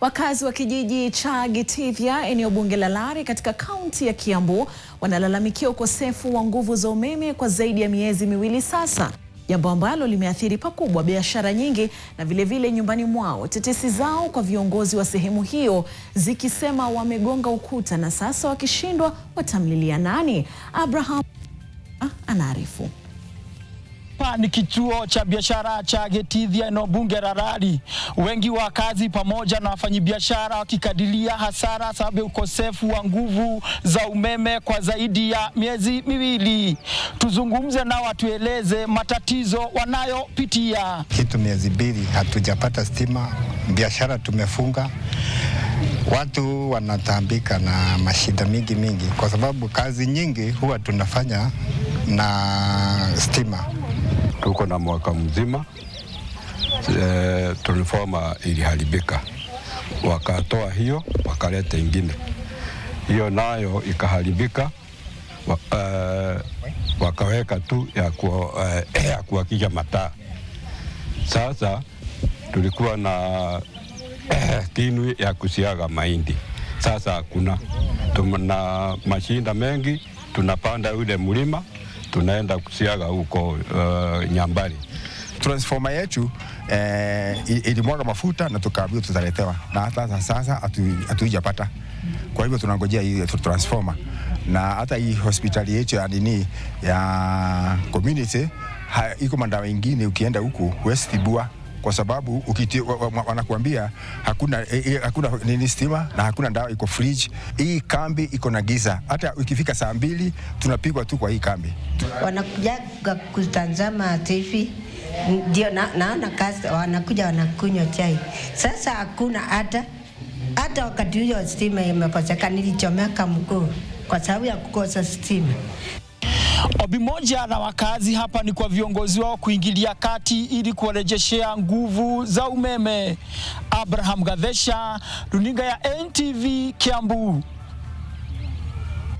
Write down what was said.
Wakazi wa kijiji cha Gitithia eneo bunge la Lari katika kaunti ya Kiambu wanalalamikia ukosefu wa nguvu za umeme kwa zaidi ya miezi miwili sasa, jambo ambalo limeathiri pakubwa biashara nyingi na vilevile vile nyumbani mwao, tetesi zao kwa viongozi wa sehemu hiyo zikisema wamegonga ukuta na sasa wakishindwa watamlilia nani. Abraham anaarifu. Hapa ni kituo cha biashara cha Getithia eneo bunge la Rari, wengi wa kazi pamoja na wafanyabiashara wakikadiria hasara sababu ya ukosefu wa nguvu za umeme kwa zaidi ya miezi miwili. Tuzungumze nao watueleze matatizo wanayopitia. Kitu miezi mbili hatujapata stima, biashara tumefunga watu wanatambika na mashida mingi mingi, kwa sababu kazi nyingi huwa tunafanya na stima tuko na mwaka mzima e, eh, transformer iliharibika, wakatoa hiyo wakaleta ingine, hiyo nayo ikaharibika wa, eh, wakaweka tu ya kuwakisha eh, uh, mataa. Sasa tulikuwa na kinu ya kusiaga mahindi, sasa hakuna. Tuna mashinda mengi, tunapanda yule mlima tunaenda kusiaga huko uh, Nyambari. Transforma yetu eh, ilimwaga mafuta na tukaambiwa tutaletewa, na hata sasa hatuijapata atu, kwa hivyo tunangojea hii transforma, na hata hii hospitali yetu ya nini ya community iko mandao ingine, ukienda huku West Bua kwa sababu ukiti, wanakuambia hakuna, e, e, hakuna nini stima na hakuna ndawa, iko fridge hii kambi iko na giza. Hata ikifika saa mbili tunapigwa tu kwa hii kambi. Wanakuja kutanzama TV ndio na, naona kazi, wanakuja wanakunywa chai. Sasa hakuna hata hata wakati huyo stima imekosekana, nilichomeka mguu kwa sababu ya kukosa stima. Ombi moja na wakazi hapa ni kwa viongozi wao kuingilia kati ili kuwarejeshea nguvu za umeme. Abraham Gadhesha, runinga ya NTV Kiambu.